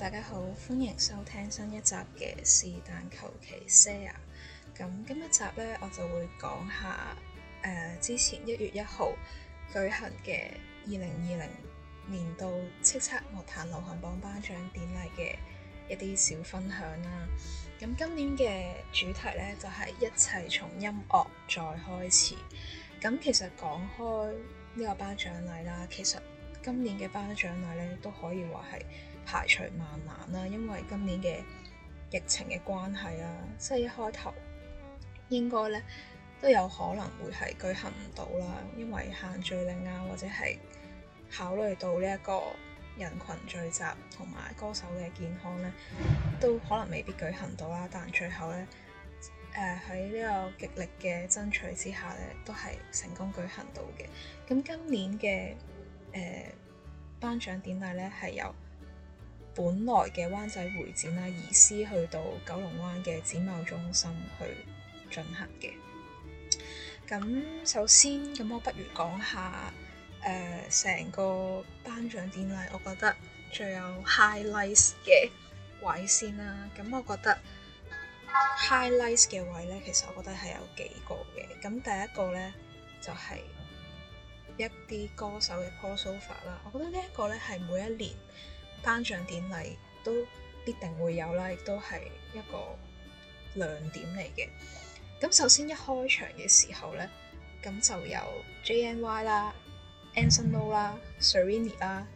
大家好，歡迎收聽新一集嘅是但求其 share。咁今一集呢，我就會講下誒、呃、之前一月一號舉行嘅二零二零年度叱咤樂、樂壇流行榜頒獎典禮嘅一啲小分享啦。咁今年嘅主題呢，就係、是、一切從音樂再開始。咁其實講開呢個頒獎禮啦，其實今年嘅頒獎禮呢，都可以話係排除萬難啦，因為今年嘅疫情嘅關係啦，即係一開頭應該咧都有可能會係舉行唔到啦，因為限聚令啊，或者係考慮到呢一個人群聚集同埋歌手嘅健康咧，都可能未必舉行到啦。但最後咧，誒喺呢個極力嘅爭取之下咧，都係成功舉行到嘅。咁今年嘅誒頒獎典禮咧係由本來嘅灣仔會展啦，移師去到九龍灣嘅展貿中心去進行嘅。咁首先，咁我不如講下誒成個頒獎典禮，我覺得最有 highlight 嘅位先啦。咁我覺得 highlight 嘅位咧，其實我覺得係有幾個嘅。咁第一個咧，就係、是、一啲歌手嘅 crossover 啦。我覺得呢一個咧，係每一年頒獎典禮都必定會有啦，亦都係一個亮點嚟嘅。咁首先一開場嘅時候咧，咁就由 JNY 啦、Anson Lau 啦、Serrini 啦、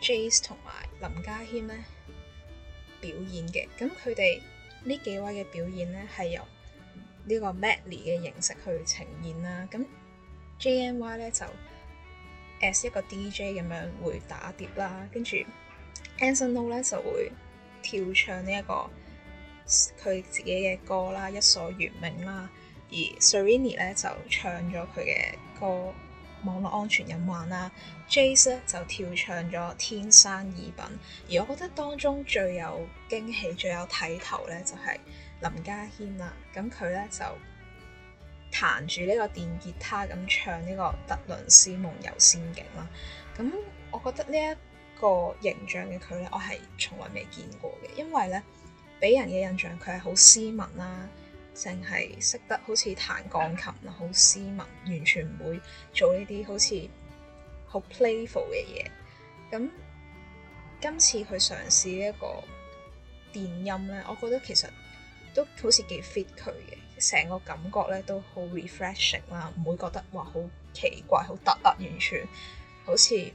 Jace 同埋林家謙咧表演嘅。咁佢哋呢幾位嘅表演咧係由呢個 medley 嘅形式去呈現啦。咁 JNY 咧就 as 一個 DJ 咁樣會打碟啦，跟住。anson Lo 咧就會跳唱呢、這、一個佢自己嘅歌啦，《一所懸命》啦，而 Serrini 咧就唱咗佢嘅歌《網絡安全隱患》啦，Jace 咧就跳唱咗《天生異品》，而我覺得當中最有驚喜、最有睇頭咧，就係、是、林家謙啦。咁佢咧就彈住呢個電吉他咁唱呢、這個《特倫斯夢遊仙境》啦。咁我覺得呢一個形象嘅佢咧，我係從來未見過嘅，因為咧俾人嘅印象佢係好斯文啦、啊，淨係識得好似彈鋼琴啦、啊，好斯文，完全唔會做呢啲好似好 playful 嘅嘢。咁今次去嘗試一個電音咧，我覺得其實都好似幾 fit 佢嘅，成個感覺咧都好 refreshing 啦、啊，唔會覺得話好奇怪、好突突，完全好似，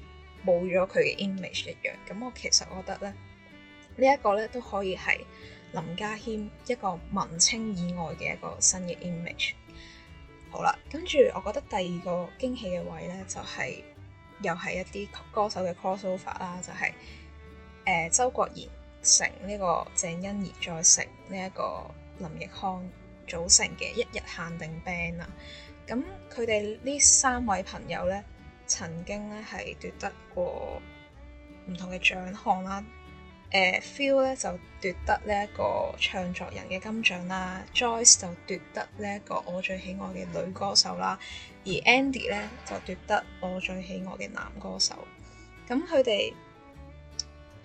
冇咗佢嘅 image 一樣，咁我其實我覺得咧，這個、呢一個咧都可以係林家謙一個文青以外嘅一個新嘅 image。好啦，跟住我覺得第二個驚喜嘅位咧，就係、是、又係一啲歌手嘅 crossover 啦、就是，就係誒周國賢成呢、這個鄭欣宜再成呢一、這個林奕匡組成嘅一日限定 band 啦。咁佢哋呢三位朋友咧，曾經咧係奪得過唔同嘅獎項啦，誒 Phil 咧就奪得呢一個唱作人嘅金獎啦，Joyce 就奪得呢一個我最喜愛嘅女歌手啦，而 Andy 咧就奪得我最喜愛嘅男歌手。咁佢哋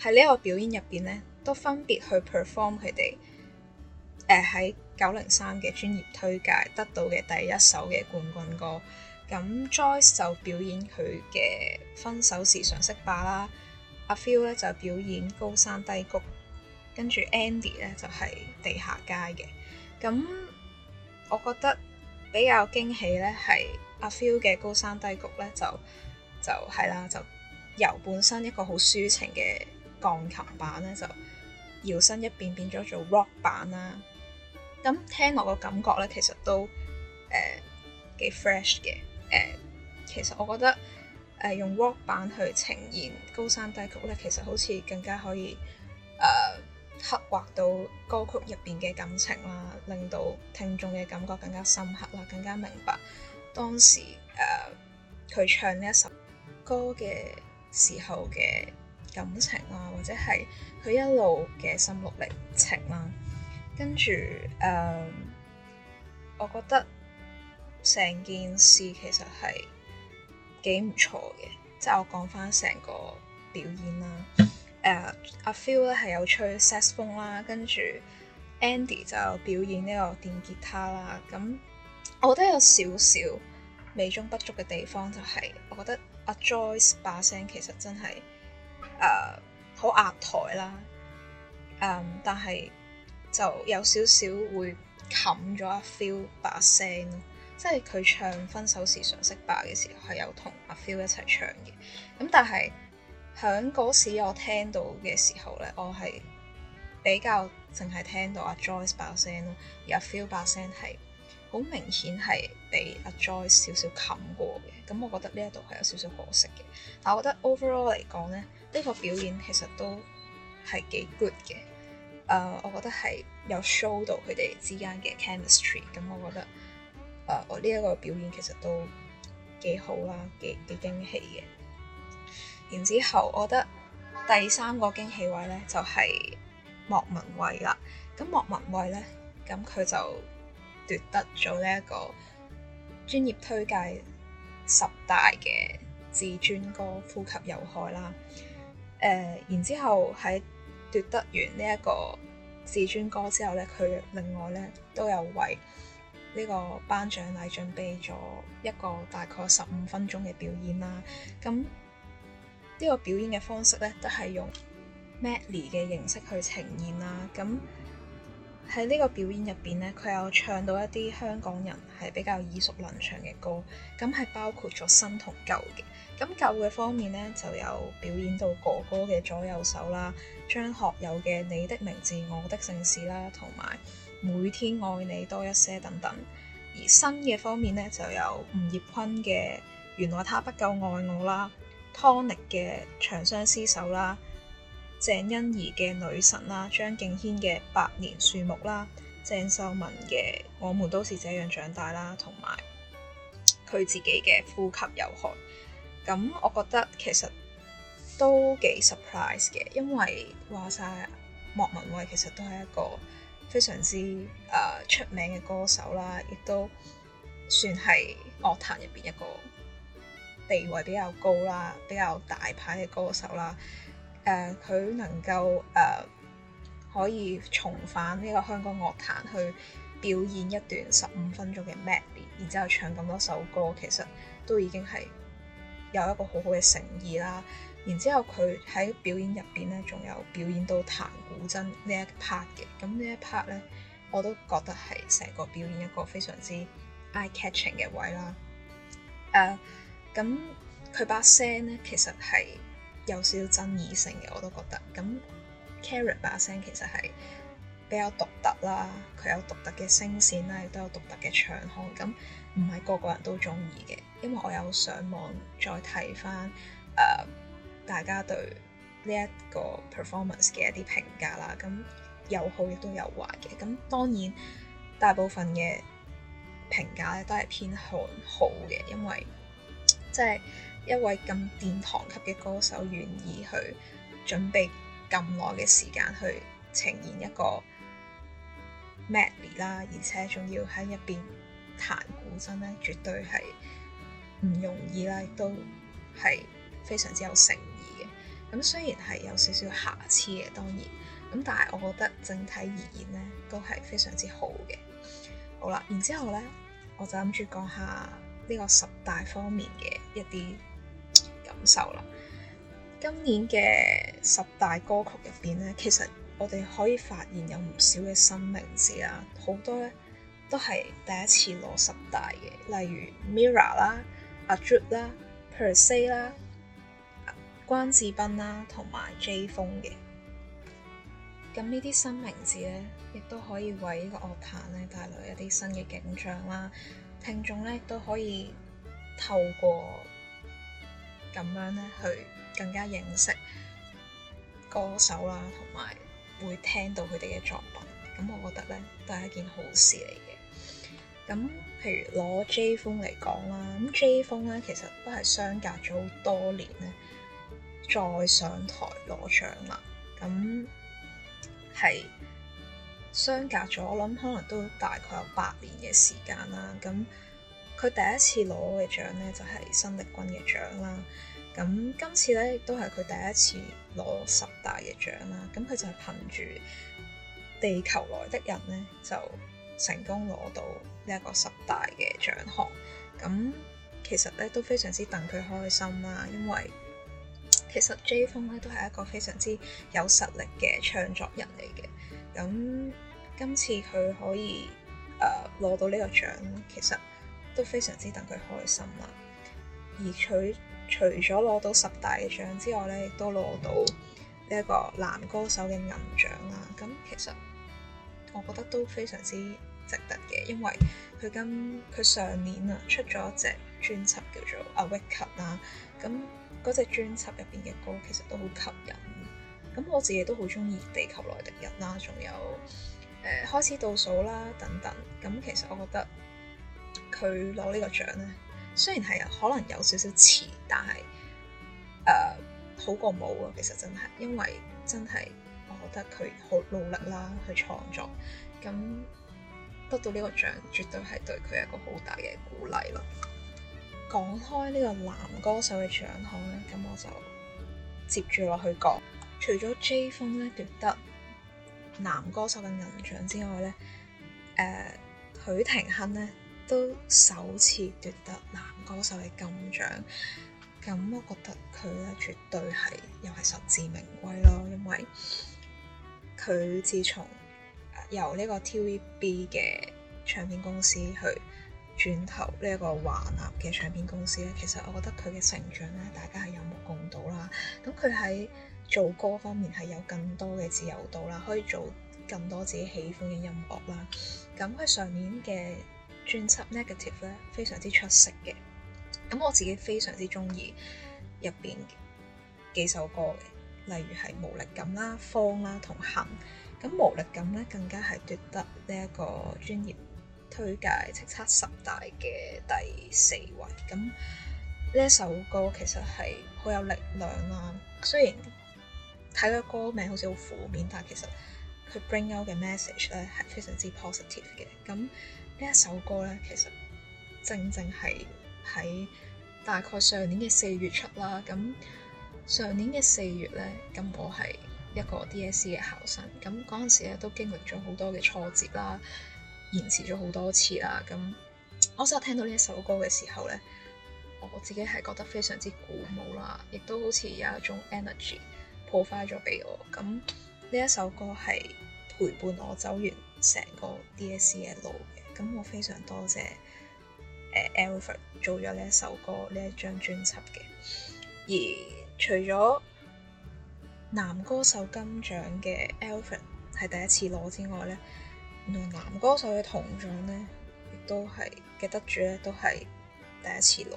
喺呢一個表演入邊咧，都分別去 perform 佢哋誒喺九零三嘅專業推介得到嘅第一首嘅冠軍歌。咁 Joyce 就表演佢嘅分手時常識霸啦，阿 Phil 咧就表演高山低谷，跟住 Andy 咧就係地下街嘅。咁我覺得比較驚喜咧係阿 Phil 嘅高山低谷咧就就係啦，就由本身一個好抒情嘅鋼琴版咧就搖身一變變咗做 rock 版啦。咁聽落個感覺咧其實都誒幾 fresh 嘅。呃誒，其實我覺得誒、呃、用 rock 版去呈現高山低谷咧，其實好似更加可以誒、呃、刻畫到歌曲入邊嘅感情啦，令到聽眾嘅感覺更加深刻啦，更加明白當時誒佢、呃、唱呢一首歌嘅時候嘅感情啦，或者係佢一路嘅心路歷程啦。跟住誒、呃，我覺得。成件事其實係幾唔錯嘅，即係我講返成個表演啦。誒、uh，阿 Feel 咧係有吹 saxophone 啦，跟住 Andy 就表演呢個電吉他啦。咁我覺得有少少美中不足嘅地方就係、是，我覺得阿 Joyce 把聲其實真係誒好壓台啦。嗯、um，但係就有少少會冚咗阿 Feel 把聲咯。即係佢唱《分手時常識吧》嘅時候，係有同阿 Phil 一齊唱嘅。咁但係響嗰時我聽到嘅時候咧，我係比較淨係聽到阿 Joyce 把聲咯，而阿 Phil 把聲係好明顯係俾阿 Joyce 少少冚過嘅。咁我覺得呢一度係有少少可惜嘅。但我覺得 overall 嚟講咧，呢、這個表演其實都係幾 good 嘅。誒、呃，我覺得係有 show 到佢哋之間嘅 chemistry。咁我覺得。誒、呃，我呢一個表演其實都幾好啦，幾幾驚喜嘅。然之後，我覺得第三個驚喜位咧就係、是、莫文蔚啦。咁莫文蔚咧，咁佢就奪得咗呢一個專業推介十大嘅至尊歌《呼吸有害》啦。誒，然之後喺奪得完呢一個至尊歌之後咧，佢另外咧都有為呢個頒獎禮準備咗一個大概十五分鐘嘅表演啦，咁呢個表演嘅方式咧都係用 Medley 嘅形式去呈現啦，咁喺呢個表演入邊咧，佢有唱到一啲香港人係比較耳熟能詳嘅歌，咁係包括咗新同舊嘅，咁舊嘅方面咧就有表演到哥哥嘅左右手啦，張學友嘅你的名字我的姓氏啦，同埋。每天愛你多一些等等，而新嘅方面呢，就有吳業坤嘅原來他不夠愛我啦，Tony 嘅長相廝守啦，鄭欣宜嘅女神啦，張敬軒嘅百年樹木啦，鄭秀文嘅我們都是這樣長大啦，同埋佢自己嘅呼吸有害。咁我覺得其實都幾 surprise 嘅，因為話晒莫文蔚其實都係一個。非常之誒、呃、出名嘅歌手啦，亦都算係樂壇入邊一個地位比較高啦、比較大牌嘅歌手啦。誒、呃，佢能夠誒、呃、可以重返呢個香港樂壇去表演一段十五分鐘嘅 medley，然之後唱咁多首歌，其實都已經係有一個好好嘅誠意啦。然之後，佢喺表演入邊咧，仲有表演到彈古箏呢一 part 嘅。咁呢一 part 咧，我都覺得係成個表演一個非常之 eye catching 嘅位啦。誒、呃，咁佢把聲咧，其實係有少少爭議性嘅，我都覺得。咁 Carrot 把聲其實係比較獨特啦，佢有獨特嘅聲線啦，亦都有獨特嘅唱腔。咁唔係個個人都中意嘅，因為我有上網再睇翻誒、呃大家對呢一個 performance 嘅一啲評價啦，咁有好亦都有壞嘅。咁當然大部分嘅評價咧都係偏向好嘅，因為即係、就是、一位咁殿堂級嘅歌手願意去準備咁耐嘅時間去呈現一個 medley 啦，而且仲要喺入邊彈古箏咧，絕對係唔容易啦，亦都係非常之有成。咁雖然係有少少瑕疵嘅，當然咁，但係我覺得整體而言咧，都係非常之好嘅。好啦，然之後咧，我就諗住講下呢個十大方面嘅一啲感受啦。今年嘅十大歌曲入邊咧，其實我哋可以發現有唔少嘅新名字啊，好多咧都係第一次攞十大嘅，例如 Mirror 啦、啊、Adele 啦、Per se 啦，關智斌啦、啊，同埋 J 風嘅咁呢啲新名字咧，亦都可以為呢個樂壇咧帶來一啲新嘅景象啦。聽眾咧都可以透過咁樣咧去更加認識歌手啦，同埋會聽到佢哋嘅作品。咁我覺得咧都係一件好事嚟嘅。咁譬如攞 J 風嚟講啦，咁 J 風咧其實都係相隔咗好多年咧，再上台攞獎啦，咁係相隔咗，我諗可能都大概有八年嘅時間啦。咁佢第一次攞嘅獎呢，就係新力軍嘅獎啦。咁今次呢，亦都係佢第一次攞十大嘅獎啦。咁佢就係憑住《地球來的人》呢，就成功攞到呢一個十大嘅獎項。咁其實呢，都非常之等佢開心啦，因為其實 J 風咧都係一個非常之有實力嘅唱作人嚟嘅，咁今次佢可以誒攞、呃、到呢個獎，其實都非常之等佢開心啦。而佢除咗攞到十大嘅獎之外咧，亦都攞到呢一個男歌手嘅銀獎啦。咁其實我覺得都非常之值得嘅，因為佢今佢上年啊，出咗隻專輯叫做 ard，《Awaken》啦，咁。嗰隻專輯入邊嘅歌其實都好吸引，咁我自己都好中意《地球內的人》啦，仲有誒、呃、開始倒數啦等等，咁其實我覺得佢攞呢個獎咧，雖然係可能有少少遲，但係誒、呃、好過冇啊！其實真係，因為真係我覺得佢好努力啦，去創作，咁得到呢個獎絕對係對佢一個好大嘅鼓勵咯。講開呢個男歌手嘅獎項咧，咁我就接住落去講。除咗 Jay Fung 咧，奪得男歌手嘅銀獎之外咧，誒、呃，許廷鏗咧都首次奪得男歌手嘅金獎。咁我覺得佢咧絕對係又係實至名歸咯，因為佢自從由呢個 TVB 嘅唱片公司去轉投呢一個華納嘅唱片公司咧，其實我覺得佢嘅成長咧，大家係有目共睹啦。咁佢喺做歌方面係有更多嘅自由度啦，可以做更多自己喜歡嘅音樂啦。咁佢上年嘅專輯《Negative》咧，非常之出色嘅。咁我自己非常之中意入邊幾首歌嘅，例如係無力感啦、方啦、同行。咁無力感咧，更加係奪得呢一個專業推介叱咤十大嘅第四位，咁呢一首歌其實係好有力量啦。雖然睇個歌名好似好負面，但係其實佢 bring out 嘅 message 咧，係非常之 positive 嘅。咁呢一首歌咧，其實正正係喺大概上年嘅四月出啦。咁上年嘅四月咧，咁我係一個 DSE 嘅考生，咁嗰陣時咧都經歷咗好多嘅挫折啦。延遲咗好多次啦，咁我今日聽到呢一首歌嘅時候咧，我自己係覺得非常之鼓舞啦，亦都好似有一種 energy 破壞咗俾我。咁呢一首歌係陪伴我走完成個 DSC 嘅路嘅，咁我非常多謝誒 Alfred 做咗呢一首歌呢一張專輯嘅。而除咗男歌手金獎嘅 Alfred 係第一次攞之外咧。男歌手嘅銅獎咧，亦都係嘅得主咧，都係第一次攞。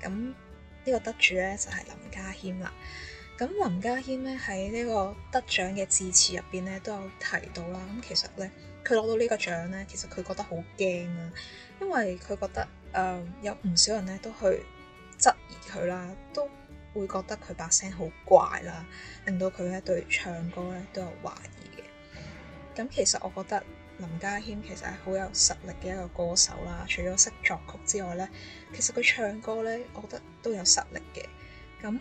咁呢個得主咧就係林家謙啦。咁林家謙咧喺呢個得獎嘅致辭入邊咧都有提到啦。咁其實咧，佢攞到呢個獎咧，其實佢覺得好驚啊，因為佢覺得誒、呃、有唔少人咧都去質疑佢啦，都會覺得佢把聲好怪啦，令到佢咧對唱歌咧都有懷疑嘅。咁其實我覺得。林家謙其實係好有實力嘅一個歌手啦，除咗識作曲之外咧，其實佢唱歌咧，我覺得都有實力嘅。咁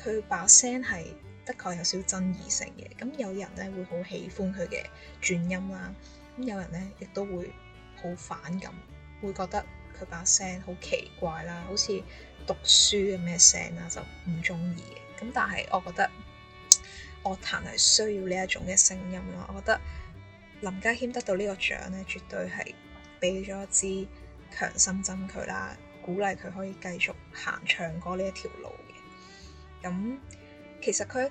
佢把聲係的確有少少爭議性嘅。咁有人咧會好喜歡佢嘅轉音啦，咁有人咧亦都會好反感，會覺得佢把聲好奇怪啦，好似讀書咁咩聲呀，就唔中意嘅。咁但係我覺得樂壇係需要呢一種嘅聲音啦，我覺得。林家謙得到呢個獎咧，絕對係俾咗一支強心針佢啦，鼓勵佢可以繼續行唱歌呢一條路嘅。咁其實佢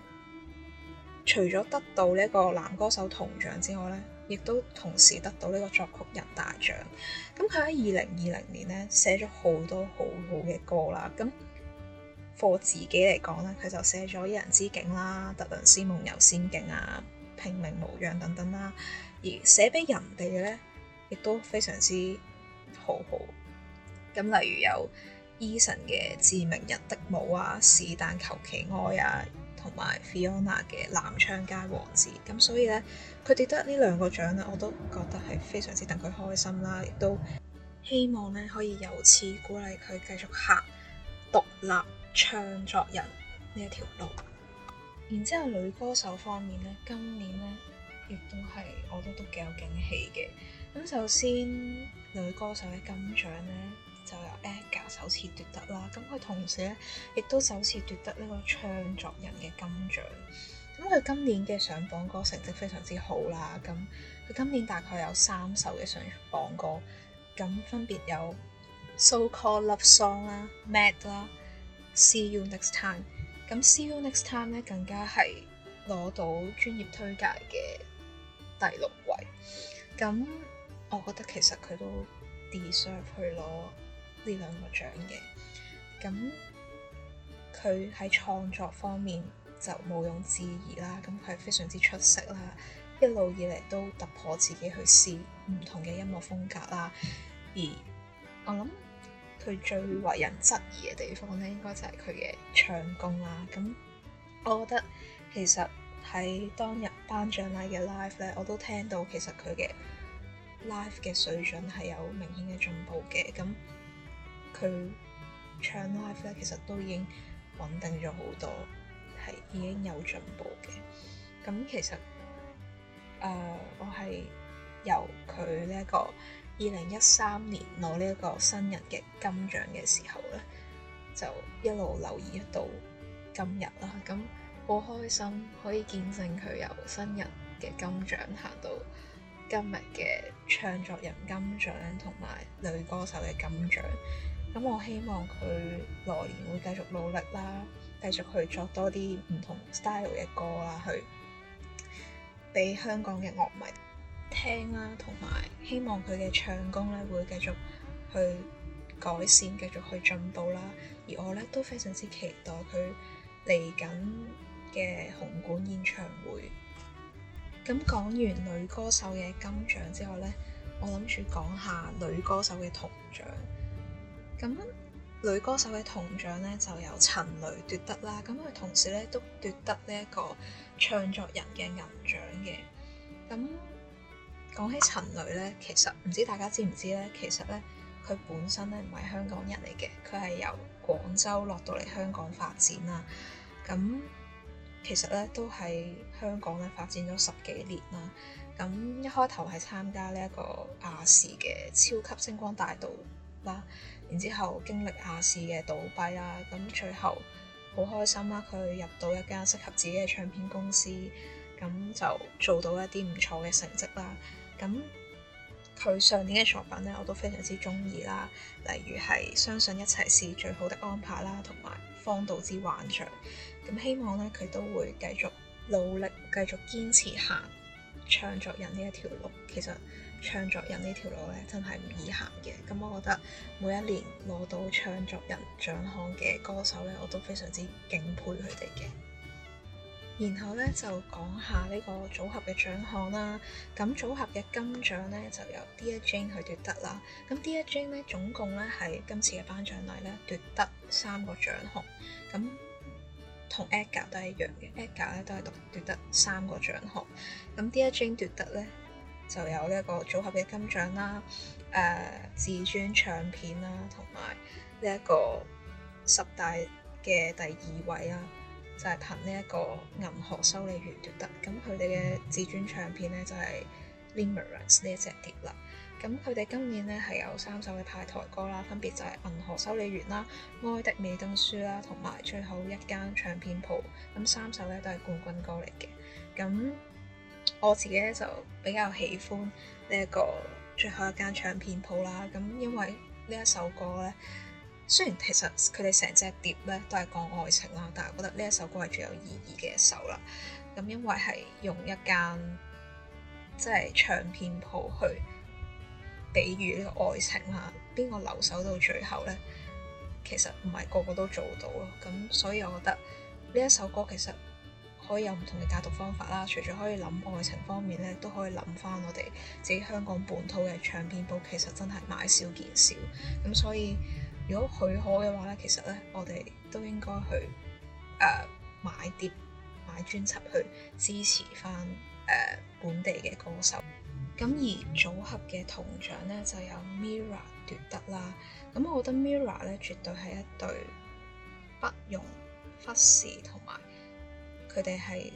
除咗得到呢一個男歌手銅獎之外咧，亦都同時得到呢個作曲人大獎。咁佢喺二零二零年咧寫咗好多好好嘅歌啦。咁 for 自己嚟講咧，佢就寫咗《一人之境》啦，《特倫斯夢遊仙境》啊。拼命模樣等等啦，而寫俾人哋嘅咧，亦都非常之好好。咁例如有 Eason 嘅《致明日的舞》啊，《是但求其愛》啊，同埋 Fiona 嘅《南昌街王子》。咁所以咧，佢哋得呢兩個獎咧，我都覺得係非常之令佢開心啦，亦都希望咧可以由此鼓勵佢繼續行獨立唱作人呢一條路。然之後，女歌手方面咧，今年咧亦都係，我都都幾有驚喜嘅。咁首先，女歌手嘅金獎咧就由 Aga 首次奪得啦。咁佢同時咧亦都首次奪得呢個唱作人嘅金獎。咁佢今年嘅上榜歌成績非常之好啦。咁佢今年大概有三首嘅上榜歌，咁分別有《So Called Love Song》啦，《Mad》啦，《See You Next Time》。咁 See you next time 咧，更加係攞到專業推介嘅第六位。咁我覺得其實佢都 deserve 去攞呢兩個獎嘅。咁佢喺創作方面就毋庸置疑啦，咁佢係非常之出色啦，一路以嚟都突破自己去試唔同嘅音樂風格啦。而我諗。佢最為人質疑嘅地方咧，應該就係佢嘅唱功啦。咁我覺得其實喺當日頒獎禮嘅 live 咧，我都聽到其實佢嘅 live 嘅水準係有明顯嘅進步嘅。咁佢唱 live 咧，其實都已經穩定咗好多，係已經有進步嘅。咁其實誒、呃，我係由佢呢一個二零一三年攞呢一個新人嘅金獎嘅時候咧，就一路留意到今日啦。咁好開心，可以見證佢由新人嘅金獎行到今日嘅唱作人金獎同埋女歌手嘅金獎。咁我希望佢來年會繼續努力啦，繼續去作多啲唔同 style 嘅歌啦，去俾香港嘅樂迷聽啦，同埋希望佢嘅唱功咧會繼續去改善，繼續去進步啦。而我咧都非常之期待佢嚟緊嘅紅館演唱會。咁講完女歌手嘅金獎之後咧，我諗住講下女歌手嘅銅獎。咁女歌手嘅銅獎咧就由陳雷奪得啦。咁佢同時咧都奪得呢一個唱作人嘅銀獎嘅。咁講起陳蕾咧，其實唔知大家知唔知咧？其實咧，佢本身咧唔係香港人嚟嘅，佢係由廣州落到嚟香港發展啦。咁其實咧都喺香港咧發展咗十幾年啦。咁一開頭係參加呢一個亞視嘅《超級星光大道》啦，然之後經歷亞視嘅倒閉啦，咁最後好開心啦，佢入到一間適合自己嘅唱片公司，咁就做到一啲唔錯嘅成績啦。咁佢上年嘅作品咧，我都非常之中意啦，例如係相信一切是最好的安排啦，同埋《荒島之幻象》。咁希望咧，佢都會繼續努力，繼續堅持行唱作人呢一條路。其實，唱作人呢條路咧，真係唔易行嘅。咁我覺得每一年攞到唱作人獎項嘅歌手咧，我都非常之敬佩佢哋嘅。然後咧就講下呢個組合嘅獎項啦。咁組合嘅金獎咧就由 Dear Jane 去奪得啦。咁 Dear Jane 咧總共咧喺今次嘅頒獎禮咧奪得三個獎項，咁同 AGA 都係一樣嘅。AGA 咧都係奪奪得三個獎項。咁 Dear Jane 奪得咧就有呢一個組合嘅金獎啦，誒、呃、至尊唱片啦，同埋呢一個十大嘅第二位啊。就係憑呢一個銀河修理員奪得，咁佢哋嘅至尊唱片咧就係、是《Limerance》呢一隻碟啦。咁佢哋今年咧係有三首嘅派台歌啦，分別就係《銀河修理員》啦，《愛的美燈書》啦，同埋最後一間唱片鋪。咁三首咧都係冠軍歌嚟嘅。咁我自己咧就比較喜歡呢一個最後一間唱片鋪啦。咁因為呢一首歌咧。雖然其實佢哋成隻碟咧都係講愛情啦，但係我覺得呢一首歌係最有意義嘅一首啦。咁因為係用一間即係唱片鋪去比喻呢個愛情啦，邊個留守到最後呢？其實唔係個個都做到咯。咁所以我覺得呢一首歌其實可以有唔同嘅解讀方法啦。除咗可以諗愛情方面呢，都可以諗翻我哋自己香港本土嘅唱片鋪，其實真係買少見少咁，所以。如果許可嘅話咧，其實咧，我哋都應該去誒、呃、買碟、買專輯去支持翻誒、呃、本地嘅歌手。咁而組合嘅銅獎咧，就有 Mira 奪得啦。咁我覺得 Mira 咧，絕對係一對不容忽視，同埋佢哋係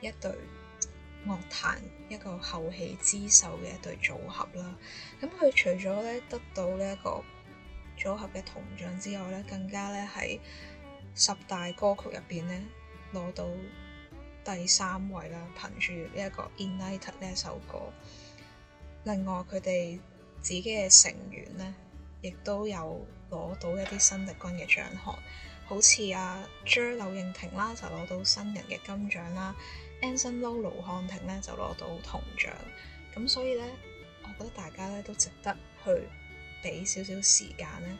一對樂壇一個後起之秀嘅一對組合啦。咁佢除咗咧得到呢、這、一個組合嘅銅獎之外咧，更加咧喺十大歌曲入邊咧攞到第三位啦，憑住呢一個 In《Ignited》呢一首歌。另外佢哋自己嘅成員咧，亦都有攞到一啲新力軍嘅獎項，好似阿 Jer 柳應廷啦，就攞到新人嘅金獎啦、啊，Anson Lo 盧瀚霆咧就攞到銅獎。咁所以咧，我覺得大家咧都值得去。俾少少時間咧，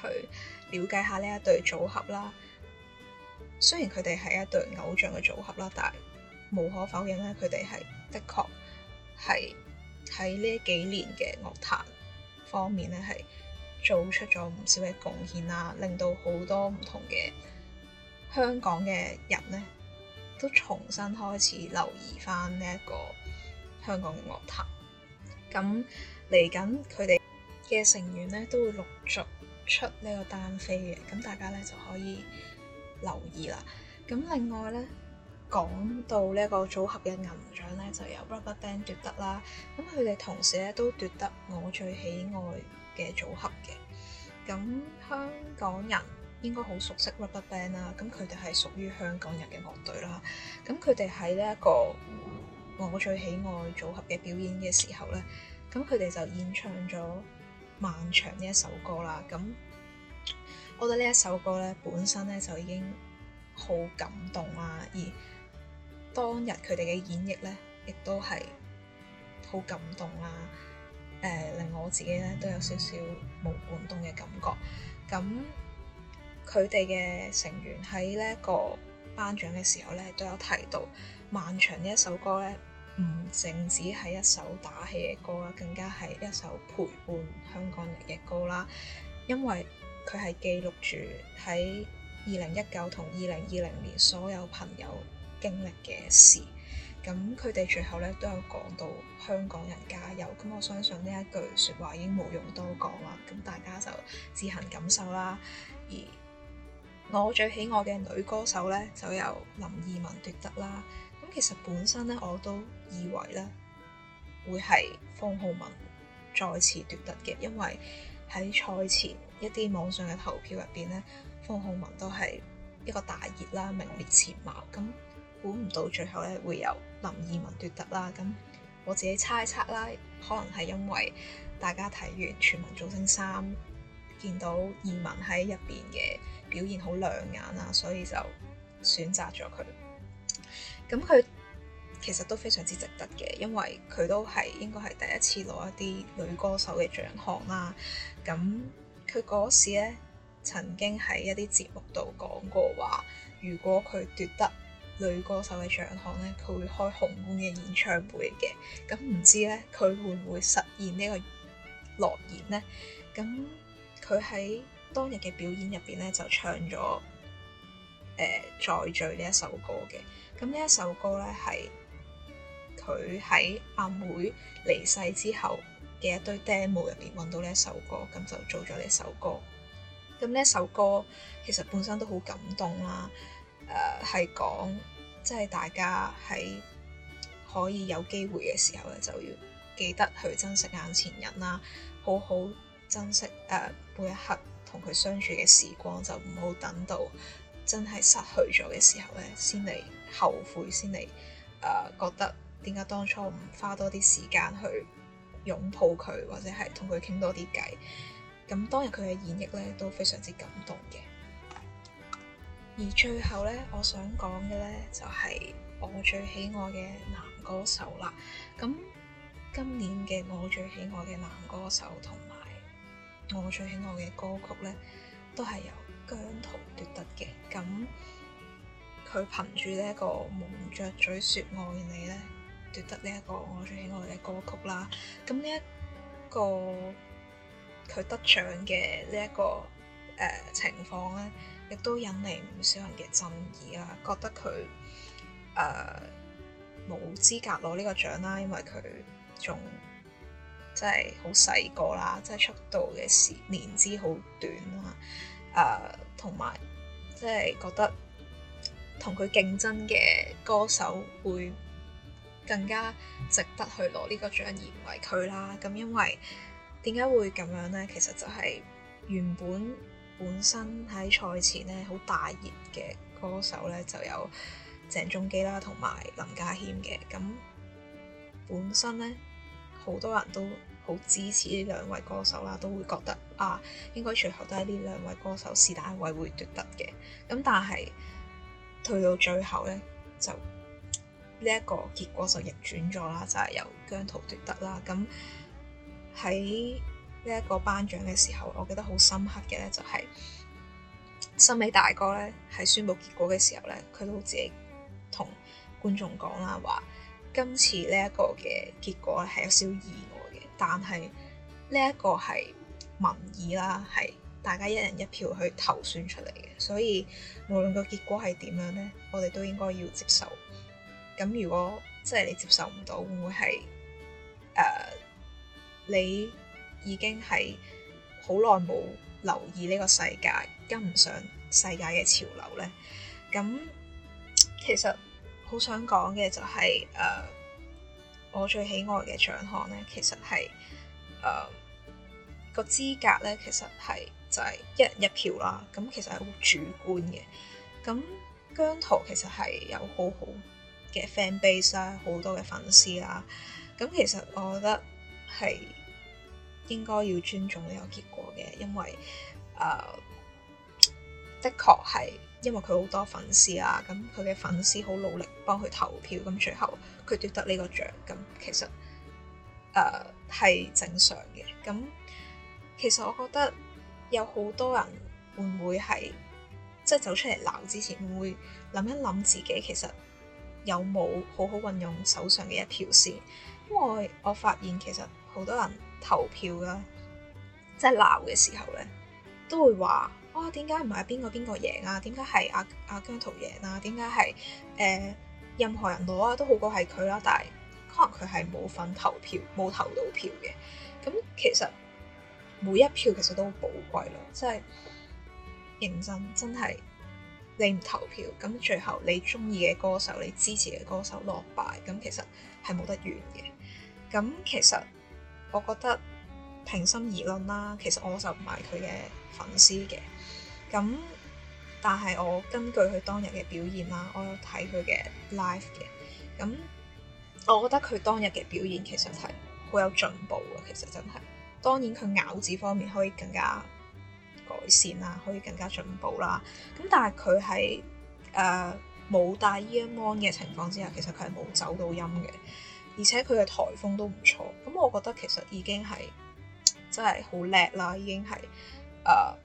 去了解下呢一對組合啦。雖然佢哋係一對偶像嘅組合啦，但係無可否認咧，佢哋係的確係喺呢幾年嘅樂壇方面咧係做出咗唔少嘅貢獻啦，令到好多唔同嘅香港嘅人咧都重新開始留意翻呢一個香港嘅樂壇。咁嚟緊佢哋。嘅成員咧都會陸續出呢個單飛嘅，咁大家咧就可以留意啦。咁另外咧講到呢個組合嘅銀獎咧，就由 Rubber Band 奪得啦。咁佢哋同時咧都奪得我最喜愛嘅組合嘅。咁香港人應該好熟悉 Rubber Band 啦。咁佢哋係屬於香港人嘅樂隊啦。咁佢哋喺呢一個我最喜愛組合嘅表演嘅時候咧，咁佢哋就演唱咗《漫長》呢一首歌啦，咁我覺得呢一首歌咧本身咧就已經好感動啦，而當日佢哋嘅演繹咧亦都係好感動啦，誒、呃、令我自己咧都有少少冇感動嘅感覺。咁佢哋嘅成員喺呢一個頒獎嘅時候咧都有提到《漫長》呢一首歌咧。唔淨止係一首打氣嘅歌啦，更加係一首陪伴香港人嘅歌啦。因為佢係記錄住喺二零一九同二零二零年所有朋友經歷嘅事。咁佢哋最後咧都有講到香港人加油。咁我相信呢一句説話已經冇用多講啦。咁大家就自行感受啦。而我最喜愛嘅女歌手咧，就由林二汶奪得啦。其實本身咧，我都以為咧會係方皓玟再次奪得嘅，因為喺賽前一啲網上嘅投票入邊咧，方皓玟都係一個大熱啦，名列前茅。咁估唔到最後咧，會由林二汶奪得啦。咁我自己猜測啦，可能係因為大家睇完全民造星三，見到二汶喺入邊嘅表現好亮眼啊，所以就選擇咗佢。咁佢其實都非常之值得嘅，因為佢都係應該係第一次攞一啲女歌手嘅獎項啦。咁佢嗰時咧，曾經喺一啲節目度講過話，如果佢奪得女歌手嘅獎項咧，佢會開紅館嘅演唱會嘅。咁唔知咧，佢會唔會實現呢個諾言咧？咁佢喺當日嘅表演入邊咧，就唱咗誒《再聚》呢一首歌嘅。咁呢一首歌咧，係佢喺阿妹離世之後嘅一堆 demo 入面揾到呢一首歌，咁就做咗呢首歌。咁呢一首歌其實本身都好感動啦。誒、呃，係講即係大家喺可以有機會嘅時候咧，就要記得去珍惜眼前人啦，好好珍惜誒、呃、每一刻同佢相處嘅時光，就唔好等到真係失去咗嘅時候咧，先嚟。後悔先嚟，誒、呃、覺得點解當初唔花多啲時間去擁抱佢，或者係同佢傾多啲偈？咁當日佢嘅演繹咧都非常之感動嘅。而最後咧，我想講嘅咧就係、是、我最喜愛嘅男歌手啦。咁今年嘅我最喜愛嘅男歌手同埋我最喜愛嘅歌曲咧，都係由姜濤奪得嘅。咁佢憑住呢一個蒙着嘴説愛你咧，奪得呢一個我最喜愛嘅歌曲啦。咁呢一個佢得獎嘅呢一個誒、呃、情況咧，亦都引嚟唔少人嘅爭議啦。覺得佢誒冇資格攞呢個獎啦，因為佢仲即係好細個啦，即係出道嘅時年資好短啦。誒同埋即係覺得。同佢競爭嘅歌手會更加值得去攞呢個獎，而唔係佢啦。咁因為點解會咁樣呢？其實就係原本本身喺賽前咧好大熱嘅歌手呢，就有鄭中基啦，同埋林家謙嘅咁。本身呢，好多人都好支持呢兩位歌手啦，都會覺得啊，應該最後都係呢兩位歌手是但一位會奪得嘅。咁但係。去到最後咧，就呢一個結果就逆轉咗啦，就係、係、由姜濤奪得啦。咁喺呢一個頒獎嘅時候，我記得好深刻嘅咧、就係，就係森美大哥咧喺宣布結果嘅時候咧，佢都自己同觀眾講啦，話今次呢一個嘅結果係有少意外嘅，但係呢一個係民意啦，係。大家一人一票去投選出嚟嘅，所以無論個結果係點樣呢，我哋都應該要接受。咁如果即係你接受唔到，會唔會係誒、uh, 你已經係好耐冇留意呢個世界，跟唔上世界嘅潮流呢？咁其實好想講嘅就係、是、誒、uh, 我最喜愛嘅獎項呢，其實係誒。Uh, 個資格咧，其實係就係一人一票啦。咁其實係好主觀嘅。咁姜濤其實係有好好嘅 fan base 啦，好多嘅粉絲啦。咁其實我覺得係應該要尊重呢個結果嘅，因為啊、呃，的確係因為佢好多粉絲啊。咁佢嘅粉絲好努力幫佢投票，咁最後佢奪得呢個獎，咁其實誒係、呃、正常嘅。咁其實我覺得有好多人會唔會係即係走出嚟鬧之前，會唔會諗一諗自己其實有冇好好運用手上嘅一票先？因為我，我發現其實好多人投票啦，即係鬧嘅時候咧，都會話啊點解唔係邊個邊個贏啊？點解係阿阿姜濤贏啊？點解係誒任何人攞啊都好過係佢啦？但係可能佢係冇份投票，冇投到票嘅咁，其實。每一票其實都好寶貴咯，即係認真，真係你唔投票，咁最後你中意嘅歌手，你支持嘅歌手落敗，咁其實係冇得怨嘅。咁其實我覺得平心而論啦，其實我就唔係佢嘅粉絲嘅，咁但係我根據佢當日嘅表現啦，我有睇佢嘅 live 嘅，咁我覺得佢當日嘅表現其實係好有進步啊，其實真係。當然佢咬字方面可以更加改善啦，可以更加進步啦。咁但係佢係誒冇帶 e m r 嘅情況之下，其實佢係冇走到音嘅，而且佢嘅台風都唔錯。咁我覺得其實已經係真係好叻啦，已經係誒、呃、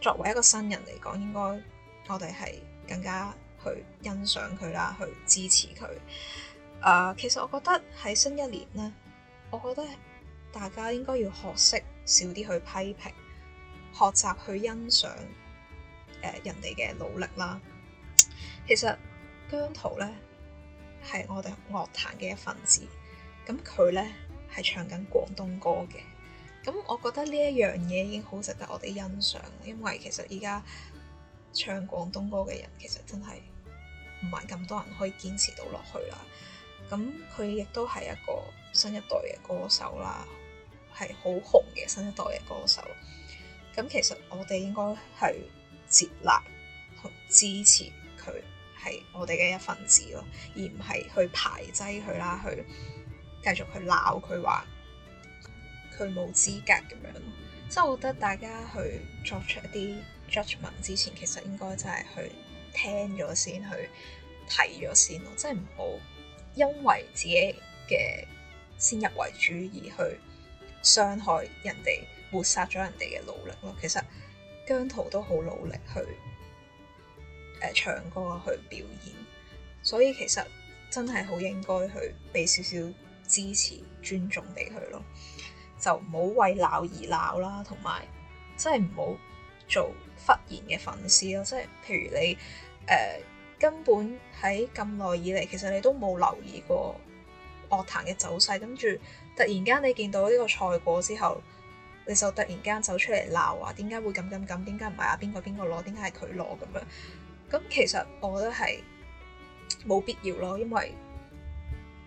作為一個新人嚟講，應該我哋係更加去欣賞佢啦，去支持佢。誒、呃，其實我覺得喺新一年咧，我覺得。大家應該要學識少啲去批評，學習去欣賞誒、呃、人哋嘅努力啦。其實姜濤咧係我哋樂壇嘅一份子，咁佢咧係唱緊廣東歌嘅，咁我覺得呢一樣嘢已經好值得我哋欣賞，因為其實而家唱廣東歌嘅人其實真係唔係咁多人可以堅持到落去啦。咁佢亦都係一個新一代嘅歌手啦。係好紅嘅新一代嘅歌手，咁其實我哋應該去接納去支持佢，係我哋嘅一份子咯，而唔係去排擠佢啦，去繼續去鬧佢話佢冇資格咁樣。即係，我覺得大家去作出一啲 judgement 之前，其實應該真係去聽咗先，去睇咗先咯，即係唔好因為自己嘅先入為主而去。傷害人哋、抹殺咗人哋嘅努力咯。其實姜濤都好努力去誒、呃、唱歌、去表演，所以其實真係好應該去俾少少支持、尊重俾佢咯。就唔好為鬧而鬧啦，同埋真係唔好做忽然嘅粉絲咯。即係譬如你誒、呃、根本喺咁耐以嚟，其實你都冇留意過樂壇嘅走勢，跟住。突然間，你見到呢個賽果之後，你就突然間走出嚟鬧話：點解會咁咁咁？點解唔係阿邊個邊個攞？點解係佢攞咁樣？咁其實我覺得係冇必要咯，因為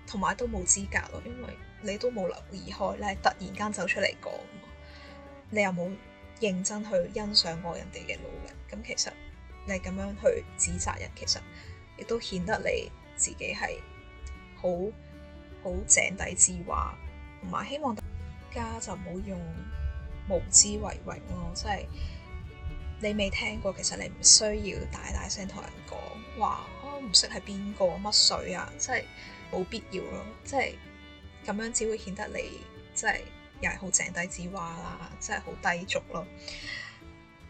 同埋都冇資格咯，因為你都冇留意開咧，你突然間走出嚟講，你又冇認真去欣賞過人哋嘅努力。咁其實你咁樣去指責人，其實亦都顯得你自己係好好井底之蛙。同埋，希望大家就唔好用無知為榮咯，即係你未聽過，其實你唔需要大大聲同人講話我唔識係邊個乜水啊，即係冇必要咯，即係咁樣只會顯得你即係又係好井底之蛙啦，即係好低俗咯。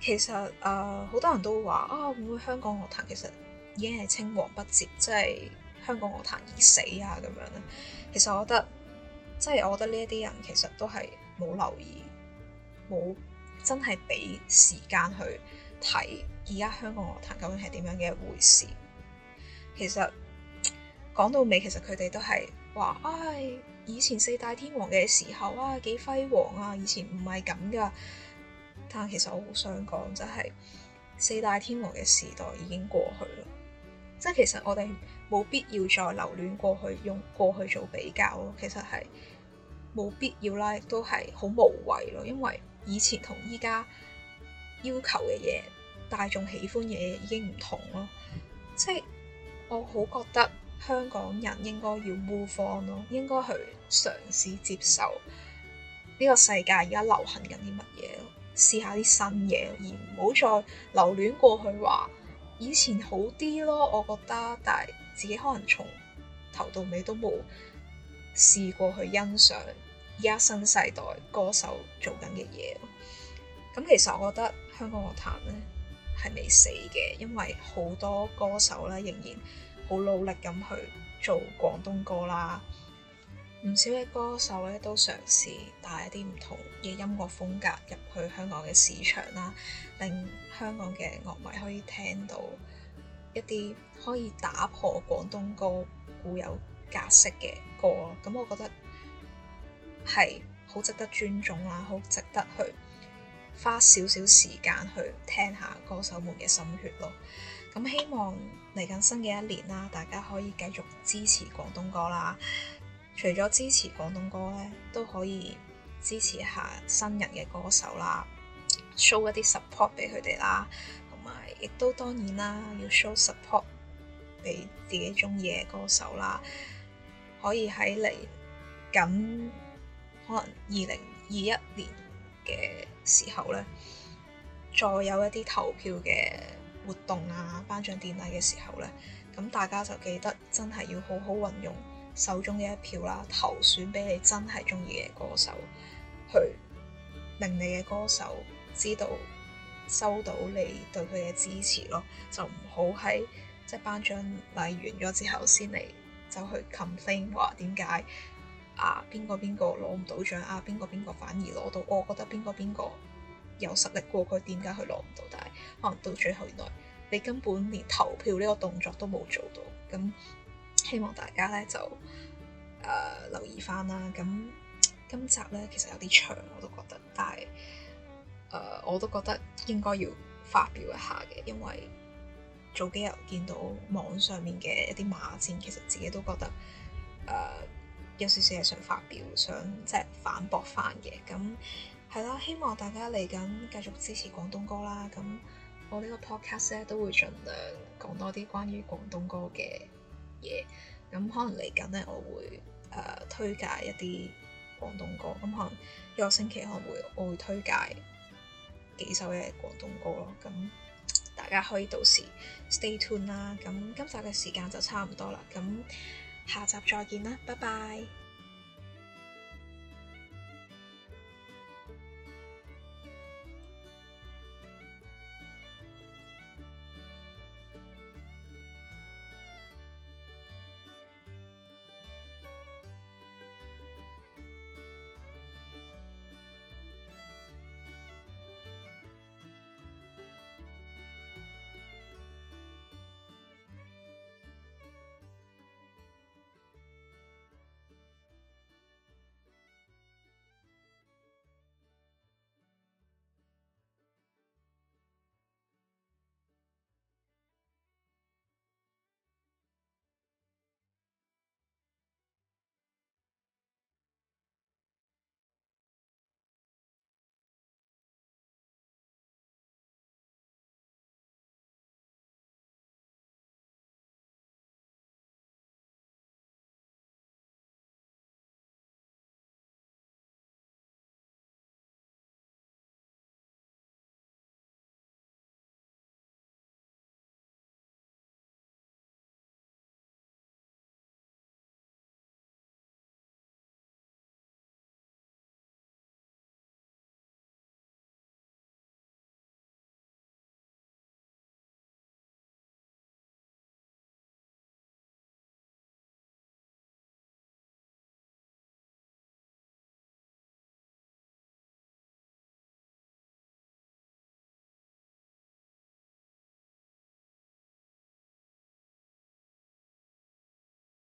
其實誒，好、呃、多人都話啊，會唔會香港樂壇其實已經係青黃不接，即係香港樂壇已死啊咁樣咧？其實我覺得。即係，我覺得呢一啲人其實都係冇留意，冇真係俾時間去睇而家香港樂壇究竟係點樣嘅一回事。其實講到尾，其實佢哋都係話，唉、哎，以前四大天王嘅時候啊，幾輝煌啊！以前唔係咁㗎。但其實我好想講，真係四大天王嘅時代已經過去啦。即係其實我哋。冇必要再留戀過去，用過去做比較咯。其實係冇必要啦，都係好無謂咯。因為以前同依家要求嘅嘢，大眾喜歡嘅嘢已經唔同咯。即係我好覺得香港人應該要 move on 咯，應該去嘗試接受呢個世界而家流行緊啲乜嘢咯，試下啲新嘢，而唔好再留戀過去話以前好啲咯。我覺得，但係。自己可能從頭到尾都冇試過去欣賞而家新世代歌手做緊嘅嘢。咁其實我覺得香港樂壇呢係未死嘅，因為好多歌手咧仍然好努力咁去做廣東歌啦。唔少嘅歌手咧都嘗試帶一啲唔同嘅音樂風格入去香港嘅市場啦，令香港嘅樂迷可以聽到。一啲可以打破廣東歌固有格式嘅歌咯，咁我覺得係好值得尊重啦，好值得去花少少時間去聽下歌手們嘅心血咯。咁希望嚟緊新嘅一年啦，大家可以繼續支持廣東歌啦。除咗支持廣東歌咧，都可以支持下新人嘅歌手啦，show 一啲 support 俾佢哋啦。亦都當然啦，要 show support 俾自己中意嘅歌手啦。可以喺嚟緊可能二零二一年嘅時候咧，再有一啲投票嘅活動啊、頒獎典禮嘅時候咧，咁大家就記得真係要好好運用手中嘅一票啦，投選俾你真係中意嘅歌手，去令你嘅歌手知道。收到你對佢嘅支持咯，就唔好喺即係頒獎禮完咗之後先嚟就去 complain，話點解啊，邊個邊個攞唔到獎啊邊個邊個反而攞到？我覺得邊個邊個有實力過佢，點解佢攞唔到？但係可能到最後原來，你根本連投票呢個動作都冇做到。咁希望大家咧就誒、呃、留意返啦。咁今集咧其實有啲長，我都覺得，但係。誒、呃，我都覺得應該要發表一下嘅，因為早幾日見到網上面嘅一啲罵戰，其實自己都覺得誒、呃、有少少嘢想發表，想即係反駁翻嘅。咁係啦，希望大家嚟緊繼續支持廣東歌啦。咁我個呢個 podcast 咧都會盡量講多啲關於廣東歌嘅嘢。咁可能嚟緊咧，我會誒、呃、推介一啲廣東歌。咁可能一個星期可能我會我會推介。幾首嘅廣東歌咯，咁大家可以到時 stay tune 啦。咁今集嘅時間就差唔多啦，咁下集再見啦，拜拜。